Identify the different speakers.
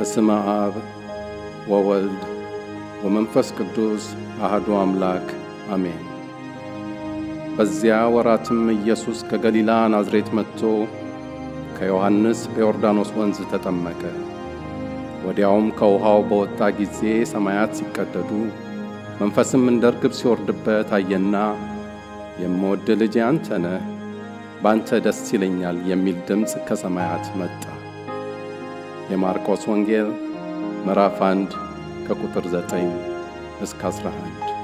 Speaker 1: በስመ አብ ወወልድ ወመንፈስ ቅዱስ አህዶ አምላክ አሜን። በዚያ ወራትም ኢየሱስ ከገሊላ ናዝሬት መጥቶ ከዮሐንስ በዮርዳኖስ ወንዝ ተጠመቀ። ወዲያውም ከውኃው በወጣ ጊዜ ሰማያት ሲቀደዱ መንፈስም እንደ ርግብ ሲወርድበት አየና የምወድ ልጄ አንተ ነህ፣ በአንተ ደስ ይለኛል የሚል ድምፅ ከሰማያት መጣ። የማርቆስ ወንጌል ምዕራፍ 1 ከቁጥር 9 እስከ 11